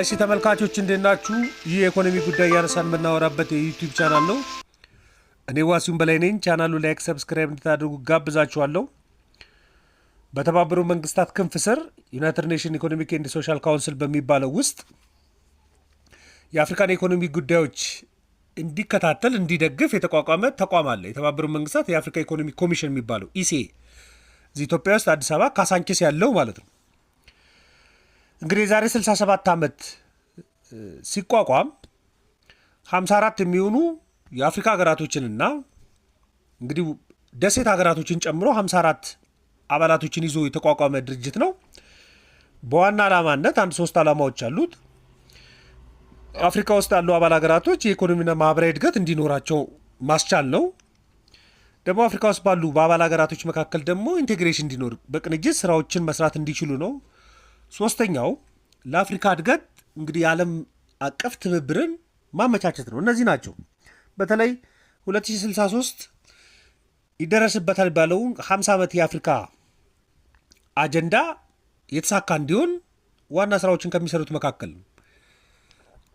እሺ ተመልካቾች እንዴት ናችሁ? ይህ የኢኮኖሚ ጉዳይ ያነሳን የምናወራበት የዩቲዩብ ቻናል ነው። እኔ ዋሲሁን በላይ ነኝ። ቻናሉ ላይክ፣ ሰብስክራይብ እንድታደርጉ ጋብዛችኋለሁ። በተባበሩ መንግስታት ክንፍ ስር ዩናይትድ ኔሽን ኢኮኖሚክ ኤንድ ሶሻል ካውንስል በሚባለው ውስጥ የአፍሪካን የኢኮኖሚ ጉዳዮች እንዲከታተል እንዲደግፍ የተቋቋመ ተቋም አለ። የተባበሩ መንግስታት የአፍሪካ ኢኮኖሚ ኮሚሽን የሚባለው ኢሲኤ እዚህ ኢትዮጵያ ውስጥ አዲስ አበባ ካሳንኪስ ያለው ማለት ነው። እንግዲህ የዛሬ 67 ዓመት ሲቋቋም 54 የሚሆኑ የአፍሪካ ሀገራቶችንና እንግዲህ ደሴት ሀገራቶችን ጨምሮ 54 አባላቶችን ይዞ የተቋቋመ ድርጅት ነው። በዋና ዓላማነት አንድ ሶስት ዓላማዎች አሉት። አፍሪካ ውስጥ ያሉ አባል ሀገራቶች የኢኮኖሚና ማህበራዊ እድገት እንዲኖራቸው ማስቻል ነው። ደቡብ አፍሪካ ውስጥ ባሉ በአባል ሀገራቶች መካከል ደግሞ ኢንቴግሬሽን እንዲኖር በቅንጅት ስራዎችን መስራት እንዲችሉ ነው። ሶስተኛው ለአፍሪካ እድገት እንግዲህ የዓለም አቀፍ ትብብርን ማመቻቸት ነው። እነዚህ ናቸው። በተለይ 2063 ይደረስበታል ባለው 50 ዓመት የአፍሪካ አጀንዳ የተሳካ እንዲሆን ዋና ስራዎችን ከሚሰሩት መካከል ነው።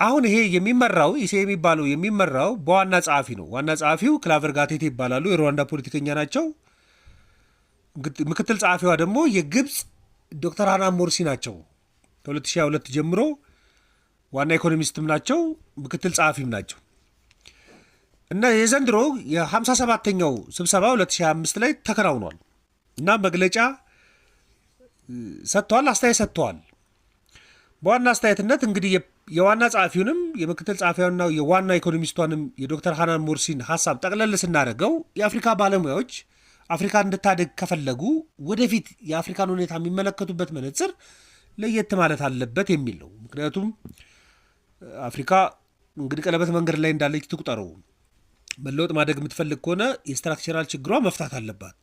አሁን ይሄ የሚመራው ኢሴ የሚባለው የሚመራው በዋና ጸሐፊ ነው። ዋና ጸሐፊው ክላቨር ጋቴት ይባላሉ። የሩዋንዳ ፖለቲከኛ ናቸው። ምክትል ጸሐፊዋ ደግሞ የግብፅ ዶክተር ሃና ሞርሲ ናቸው። ከ2022 ጀምሮ ዋና ኢኮኖሚስትም ናቸው፣ ምክትል ጸሐፊም ናቸው እና የዘንድሮ የ57ኛው ስብሰባ 2025 ላይ ተከናውኗል እና መግለጫ ሰጥተዋል፣ አስተያየት ሰጥተዋል። በዋና አስተያየትነት እንግዲህ የዋና ጸሐፊውንም የምክትል ጸሐፊዋንና የዋና ኢኮኖሚስቷንም የዶክተር ሃናን ሞርሲን ሀሳብ ጠቅለል ስናደርገው የአፍሪካ ባለሙያዎች አፍሪካ እንድታደግ ከፈለጉ ወደፊት የአፍሪካን ሁኔታ የሚመለከቱበት መነጽር ለየት ማለት አለበት የሚል ነው። ምክንያቱም አፍሪካ እንግዲህ ቀለበት መንገድ ላይ እንዳለች ትቁጠረው። መለወጥ ማደግ የምትፈልግ ከሆነ የስትራክቸራል ችግሯ መፍታት አለባት።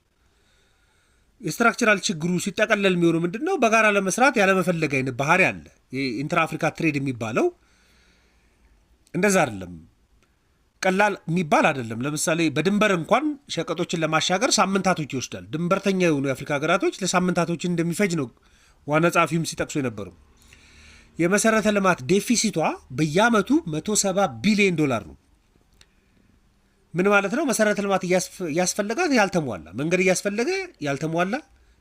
የስትራክቸራል ችግሩ ሲጠቀለል የሚሆኑ ምንድን ነው? በጋራ ለመስራት ያለመፈለግ አይነት ባህሪ አለ። ኢንትራ አፍሪካ ትሬድ የሚባለው እንደዛ አይደለም፣ ቀላል የሚባል አይደለም። ለምሳሌ በድንበር እንኳን ሸቀጦችን ለማሻገር ሳምንታቶች ይወስዳል። ድንበርተኛ የሆኑ የአፍሪካ ሀገራቶች ለሳምንታቶች እንደሚፈጅ ነው ዋና ጸሐፊውም ሲጠቅሱ የነበሩ። የመሰረተ ልማት ዴፊሲቷ በየአመቱ 170 ቢሊዮን ዶላር ነው። ምን ማለት ነው? መሰረተ ልማት እያስፈለጋት ያልተሟላ መንገድ እያስፈለገ ያልተሟላ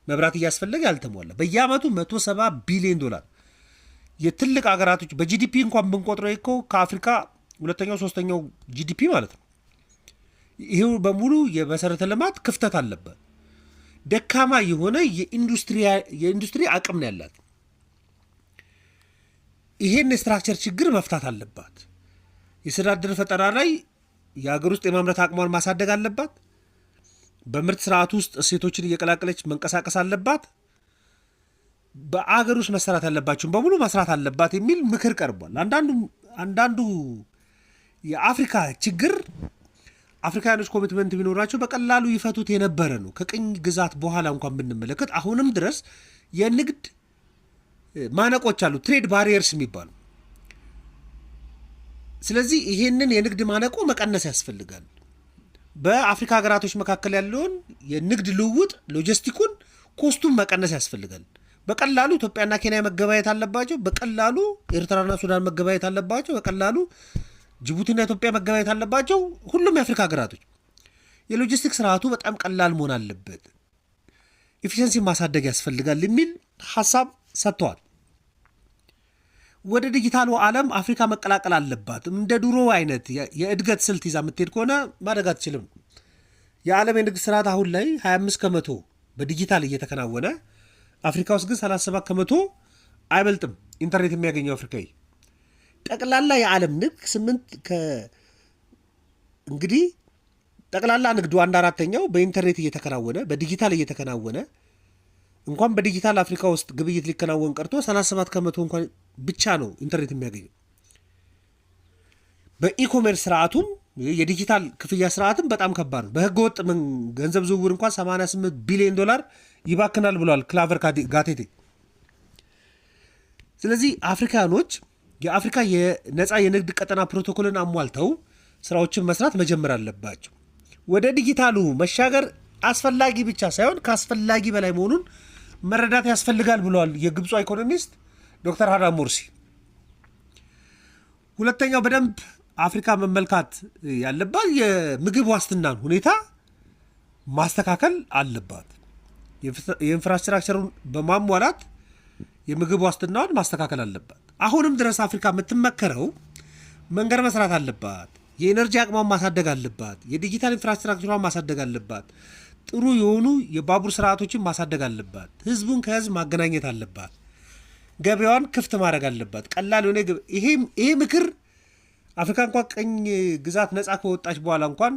መብራት እያስፈለገ ያልተሟላ በየአመቱ 170 ቢሊዮን ዶላር የትልቅ ሀገራቶች በጂዲፒ እንኳን ብንቆጥረው እኮ ከአፍሪካ ሁለተኛው ሶስተኛው ጂዲፒ ማለት ነው። ይሄው በሙሉ የመሰረተ ልማት ክፍተት አለበት። ደካማ የሆነ የኢንዱስትሪ አቅም ነው ያላት። ይሄን የስትራክቸር ችግር መፍታት አለባት። የስራ ዕድል ፈጠራ ላይ የሀገር ውስጥ የማምረት አቅሟን ማሳደግ አለባት። በምርት ስርዓት ውስጥ እሴቶችን እየቀላቀለች መንቀሳቀስ አለባት። በአገር ውስጥ መሰራት ያለባቸውን በሙሉ መስራት አለባት የሚል ምክር ቀርቧል። አንዳንዱ የአፍሪካ ችግር አፍሪካውያኖች ኮሚትመንት ቢኖራቸው በቀላሉ ይፈቱት የነበረ ነው። ከቅኝ ግዛት በኋላ እንኳን ብንመለከት አሁንም ድረስ የንግድ ማነቆች አሉ፣ ትሬድ ባሪየርስ የሚባሉ። ስለዚህ ይሄንን የንግድ ማነቆ መቀነስ ያስፈልጋል። በአፍሪካ ሀገራቶች መካከል ያለውን የንግድ ልውውጥ ሎጂስቲኩን፣ ኮስቱን መቀነስ ያስፈልጋል። በቀላሉ ኢትዮጵያና ኬንያ መገበያየት አለባቸው። በቀላሉ ኤርትራና ሱዳን መገበያየት አለባቸው። በቀላሉ ጅቡቲና ኢትዮጵያ መገበያየት አለባቸው። ሁሉም የአፍሪካ ሀገራቶች የሎጂስቲክ ስርዓቱ በጣም ቀላል መሆን አለበት፣ ኤፊሸንሲ ማሳደግ ያስፈልጋል የሚል ሀሳብ ሰጥተዋል። ወደ ዲጂታሉ ዓለም አፍሪካ መቀላቀል አለባት። እንደ ድሮ አይነት የእድገት ስልት ይዛ የምትሄድ ከሆነ ማደግ አትችልም። የዓለም የንግድ ስርዓት አሁን ላይ 25 ከመቶ በዲጂታል እየተከናወነ አፍሪካ ውስጥ ግን 37 ከመቶ አይበልጥም ኢንተርኔት የሚያገኘው አፍሪካዊ። ጠቅላላ የዓለም ንግድ ስምንት እንግዲህ ጠቅላላ ንግዱ አንድ አራተኛው በኢንተርኔት እየተከናወነ በዲጂታል እየተከናወነ እንኳን በዲጂታል አፍሪካ ውስጥ ግብይት ሊከናወን ቀርቶ 37 ከመቶ እንኳን ብቻ ነው ኢንተርኔት የሚያገኘው። በኢኮሜርስ ስርዓቱም የዲጂታል ክፍያ ስርዓትም በጣም ከባድ ነው። በህገ ወጥ ገንዘብ ዝውውር እንኳን 88 ቢሊዮን ዶላር ይባክናል ብሏል ክላቨር ጋቴቴ። ስለዚህ አፍሪካኖች የአፍሪካ የነፃ የንግድ ቀጠና ፕሮቶኮልን አሟልተው ስራዎችን መስራት መጀመር አለባቸው። ወደ ዲጂታሉ መሻገር አስፈላጊ ብቻ ሳይሆን ከአስፈላጊ በላይ መሆኑን መረዳት ያስፈልጋል ብለዋል የግብፁ ኢኮኖሚስት ዶክተር ሃራን ሞርሲ ሁለተኛው በደንብ አፍሪካ መመልካት ያለባት የምግብ ዋስትናን ሁኔታ ማስተካከል አለባት። የኢንፍራስትራክቸሩን በማሟላት የምግብ ዋስትናዋን ማስተካከል አለባት። አሁንም ድረስ አፍሪካ የምትመከረው መንገድ መስራት አለባት። የኤነርጂ አቅሟን ማሳደግ አለባት። የዲጂታል ኢንፍራስትራክቸሯን ማሳደግ አለባት። ጥሩ የሆኑ የባቡር ስርዓቶችን ማሳደግ አለባት። ህዝቡን ከህዝብ ማገናኘት አለባት። ገበያዋን ክፍት ማድረግ አለባት። ቀላል የሆነ ይሄ ምክር አፍሪካ እንኳን ቀኝ ግዛት ነፃ ከወጣች በኋላ እንኳን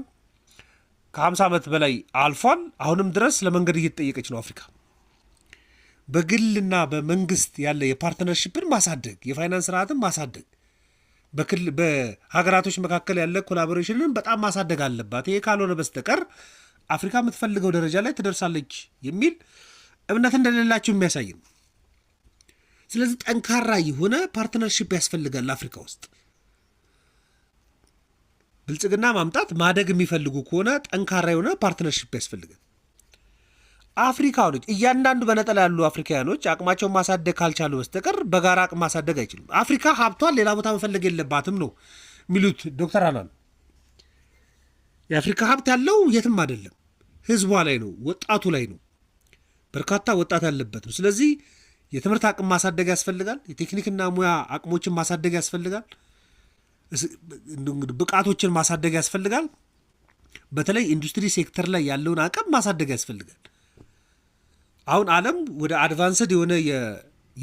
ከ50 ዓመት በላይ አልፏል። አሁንም ድረስ ለመንገድ እየተጠየቀች ነው አፍሪካ። በግልና በመንግስት ያለ የፓርትነርሽፕን ማሳደግ፣ የፋይናንስ ስርዓትን ማሳደግ፣ በሀገራቶች መካከል ያለ ኮላቦሬሽንን በጣም ማሳደግ አለባት። ይሄ ካልሆነ በስተቀር አፍሪካ የምትፈልገው ደረጃ ላይ ትደርሳለች የሚል እምነት እንደሌላቸው የሚያሳይ ነው። ስለዚህ ጠንካራ የሆነ ፓርትነርሽፕ ያስፈልጋል አፍሪካ ውስጥ ብልጽግና ማምጣት ማደግ የሚፈልጉ ከሆነ ጠንካራ የሆነ ፓርትነርሽፕ ያስፈልጋል። አፍሪካኖች እያንዳንዱ በነጠላ ያሉ አፍሪካውያኖች አቅማቸውን ማሳደግ ካልቻሉ በስተቀር በጋራ አቅም ማሳደግ አይችሉም። አፍሪካ ሀብቷን ሌላ ቦታ መፈለግ የለባትም ነው የሚሉት ዶክተር አላሉ። የአፍሪካ ሀብት ያለው የትም አይደለም፣ ህዝቧ ላይ ነው፣ ወጣቱ ላይ ነው። በርካታ ወጣት ያለበትም። ስለዚህ የትምህርት አቅም ማሳደግ ያስፈልጋል። የቴክኒክና ሙያ አቅሞችን ማሳደግ ያስፈልጋል። ብቃቶችን ማሳደግ ያስፈልጋል። በተለይ ኢንዱስትሪ ሴክተር ላይ ያለውን አቅም ማሳደግ ያስፈልጋል። አሁን ዓለም ወደ አድቫንስድ የሆነ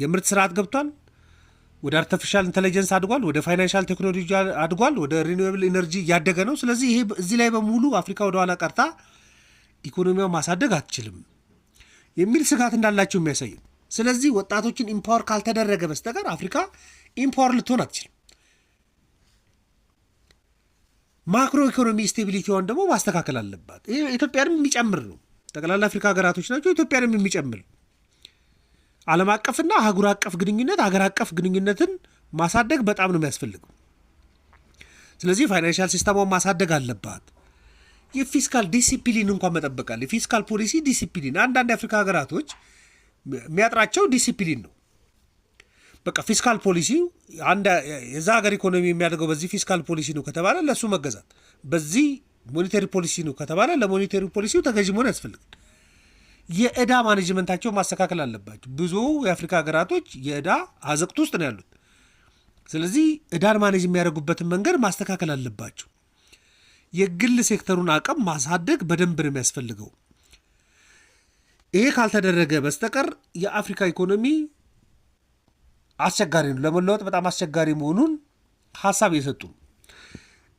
የምርት ስርዓት ገብቷል። ወደ አርቲፊሻል ኢንቴሊጀንስ አድጓል። ወደ ፋይናንሻል ቴክኖሎጂ አድጓል። ወደ ሪኒዌብል ኢነርጂ እያደገ ነው። ስለዚህ ይሄ እዚህ ላይ በሙሉ አፍሪካ ወደኋላ ቀርታ ኢኮኖሚያው ማሳደግ አትችልም የሚል ስጋት እንዳላቸው የሚያሳይ ስለዚህ ወጣቶችን ኢምፓወር ካልተደረገ በስተቀር አፍሪካ ኢምፓወር ልትሆን አትችልም። ማክሮ ኢኮኖሚ ስቴቢሊቲዋን ደግሞ ማስተካከል አለባት። ኢትዮጵያንም የሚጨምር ነው። ጠቅላላ አፍሪካ ሀገራቶች ናቸው። ኢትዮጵያንም የሚጨምር ዓለም አቀፍና አህጉር አቀፍ ግንኙነት ሀገር አቀፍ ግንኙነትን ማሳደግ በጣም ነው የሚያስፈልገው። ስለዚህ ፋይናንሻል ሲስተሟን ማሳደግ አለባት። የፊስካል ዲሲፕሊን እንኳን መጠበቃል። የፊስካል ፖሊሲ ዲሲፕሊን አንዳንድ የአፍሪካ ሀገራቶች የሚያጥራቸው ዲሲፕሊን ነው። በቃ ፊስካል ፖሊሲ አንድ የዛ ሀገር ኢኮኖሚ የሚያደርገው በዚህ ፊስካል ፖሊሲ ነው ከተባለ ለእሱ መገዛት፣ በዚህ ሞኔተሪ ፖሊሲ ነው ከተባለ ለሞኔተሪ ፖሊሲው ተገዥ መሆን ያስፈልጋል። የእዳ ማኔጅመንታቸው ማስተካከል አለባቸው። ብዙ የአፍሪካ ሀገራቶች የእዳ አዘቅት ውስጥ ነው ያሉት። ስለዚህ እዳን ማኔጅ የሚያደርጉበትን መንገድ ማስተካከል አለባቸው። የግል ሴክተሩን አቅም ማሳደግ በደንብ ነው የሚያስፈልገው። ይሄ ካልተደረገ በስተቀር የአፍሪካ ኢኮኖሚ አስቸጋሪ ነው፣ ለመለወጥ በጣም አስቸጋሪ መሆኑን ሀሳብ የሰጡ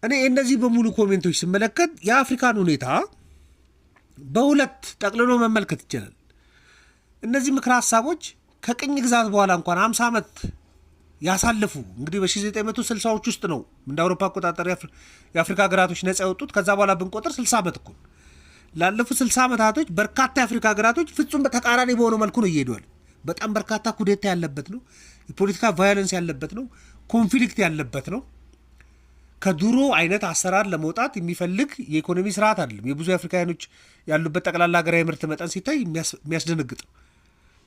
እኔ እነዚህ በሙሉ ኮሜንቶች ስመለከት የአፍሪካን ሁኔታ በሁለት ጠቅልሎ መመልከት ይችላል። እነዚህ ምክረ ሀሳቦች ከቅኝ ግዛት በኋላ እንኳን አምሳ ዓመት ያሳለፉ እንግዲህ በ1960ዎች ውስጥ ነው እንደ አውሮፓ አቆጣጠር የአፍሪካ ሀገራቶች ነጻ ያወጡት። ከዛ በኋላ ብንቆጥር 60 ዓመት እኮ ላለፉት 60 ዓመታቶች በርካታ የአፍሪካ ሀገራቶች ፍጹም በተቃራኒ በሆነ መልኩ ነው እየሄደዋል በጣም በርካታ ኩዴታ ያለበት ነው። የፖለቲካ ቫዮለንስ ያለበት ነው። ኮንፍሊክት ያለበት ነው። ከድሮ አይነት አሰራር ለመውጣት የሚፈልግ የኢኮኖሚ ስርዓት አይደለም። የብዙ አፍሪካውያኖች ያሉበት ጠቅላላ ሀገራዊ ምርት መጠን ሲታይ የሚያስደነግጥ ነው።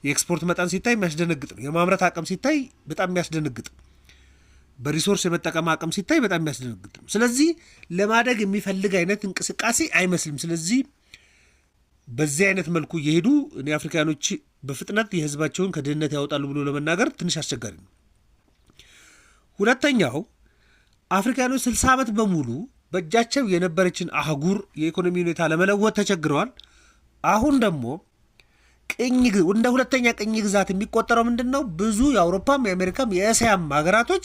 የኤክስፖርት መጠን ሲታይ የሚያስደነግጥ ነው። የማምረት አቅም ሲታይ በጣም የሚያስደነግጥ ነው። በሪሶርስ የመጠቀም አቅም ሲታይ በጣም የሚያስደነግጥ ነው። ስለዚህ ለማደግ የሚፈልግ አይነት እንቅስቃሴ አይመስልም። ስለዚህ በዚህ አይነት መልኩ እየሄዱ እኔ አፍሪካኖች በፍጥነት የህዝባቸውን ከድህነት ያወጣሉ ብሎ ለመናገር ትንሽ አስቸጋሪ ነው። ሁለተኛው አፍሪካኖች ስልሳ ዓመት በሙሉ በእጃቸው የነበረችን አህጉር የኢኮኖሚ ሁኔታ ለመለወጥ ተቸግረዋል። አሁን ደግሞ ቅኝ እንደ ሁለተኛ ቅኝ ግዛት የሚቆጠረው ምንድን ነው? ብዙ የአውሮፓም የአሜሪካም የእስያም ሀገራቶች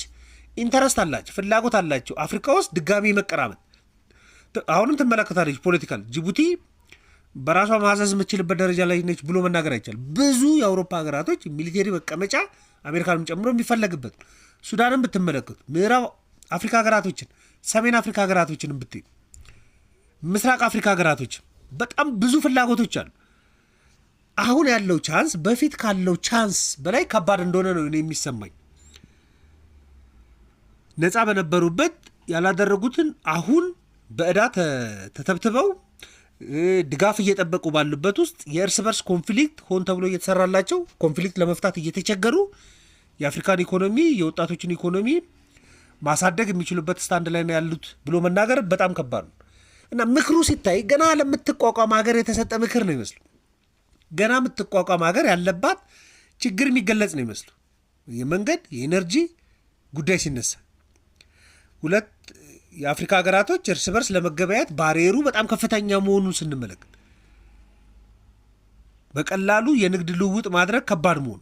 ኢንተረስት አላቸው፣ ፍላጎት አላቸው አፍሪካ ውስጥ ድጋሚ መቀራመጥ። አሁንም ትመለከታለች ፖለቲካል ጅቡቲ በራሷ ማዘዝ የምትችልበት ደረጃ ላይ ነች ብሎ መናገር አይቻልም። ብዙ የአውሮፓ ሀገራቶች ሚሊቴሪ መቀመጫ አሜሪካንም ጨምሮ የሚፈለግበት ሱዳንን ብትመለከቱ፣ ምዕራብ አፍሪካ ሀገራቶችን፣ ሰሜን አፍሪካ ሀገራቶችን ብት ምስራቅ አፍሪካ ሀገራቶችን በጣም ብዙ ፍላጎቶች አሉ። አሁን ያለው ቻንስ በፊት ካለው ቻንስ በላይ ከባድ እንደሆነ ነው እኔ የሚሰማኝ። ነፃ በነበሩበት ያላደረጉትን አሁን በእዳ ተተብትበው ድጋፍ እየጠበቁ ባሉበት ውስጥ የእርስ በርስ ኮንፍሊክት ሆን ተብሎ እየተሰራላቸው ኮንፍሊክት ለመፍታት እየተቸገሩ የአፍሪካን ኢኮኖሚ የወጣቶችን ኢኮኖሚ ማሳደግ የሚችሉበት ስታንድ ላይ ነው ያሉት ብሎ መናገር በጣም ከባድ ነው እና ምክሩ ሲታይ ገና ለምትቋቋም ሀገር የተሰጠ ምክር ነው ይመስሉ። ገና የምትቋቋም ሀገር ያለባት ችግር የሚገለጽ ነው ይመስሉ። የመንገድ የኤነርጂ ጉዳይ ሲነሳ ሁለት የአፍሪካ ሀገራቶች እርስ በርስ ለመገበያየት ባሪየሩ በጣም ከፍተኛ መሆኑን ስንመለከት በቀላሉ የንግድ ልውውጥ ማድረግ ከባድ መሆኑ፣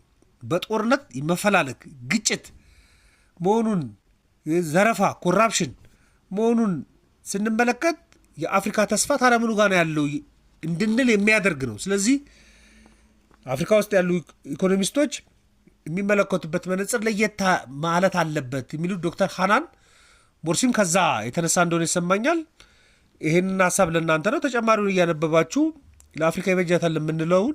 በጦርነት መፈላለግ፣ ግጭት መሆኑን፣ ዘረፋ ኮራፕሽን መሆኑን ስንመለከት የአፍሪካ ተስፋ ታዲያ ጋር ያለው እንድንል የሚያደርግ ነው። ስለዚህ አፍሪካ ውስጥ ያሉ ኢኮኖሚስቶች የሚመለከቱበት መነጽር ለየት ማለት አለበት የሚሉት ዶክተር ሃናን ቦርሲም ከዛ የተነሳ እንደሆነ ይሰማኛል። ይህንን ሀሳብ ለእናንተ ነው። ተጨማሪውን እያነበባችሁ ለአፍሪካ ይበጃታል የምንለውን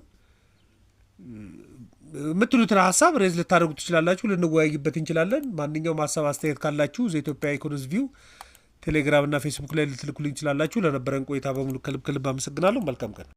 የምትሉትን ሀሳብ ሬዝ ልታደርጉ ትችላላችሁ። ልንወያይበት እንችላለን። ማንኛውም ሀሳብ አስተያየት ካላችሁ ዘኢትዮጵያ ኢትዮጵያ ኢኮኖሚስ ቪው ቴሌግራምና ፌስቡክ ላይ ልትልኩልኝ ትችላላችሁ። ለነበረን ቆይታ በሙሉ ከልብ ከልብ አመሰግናለሁ። መልካም ቀን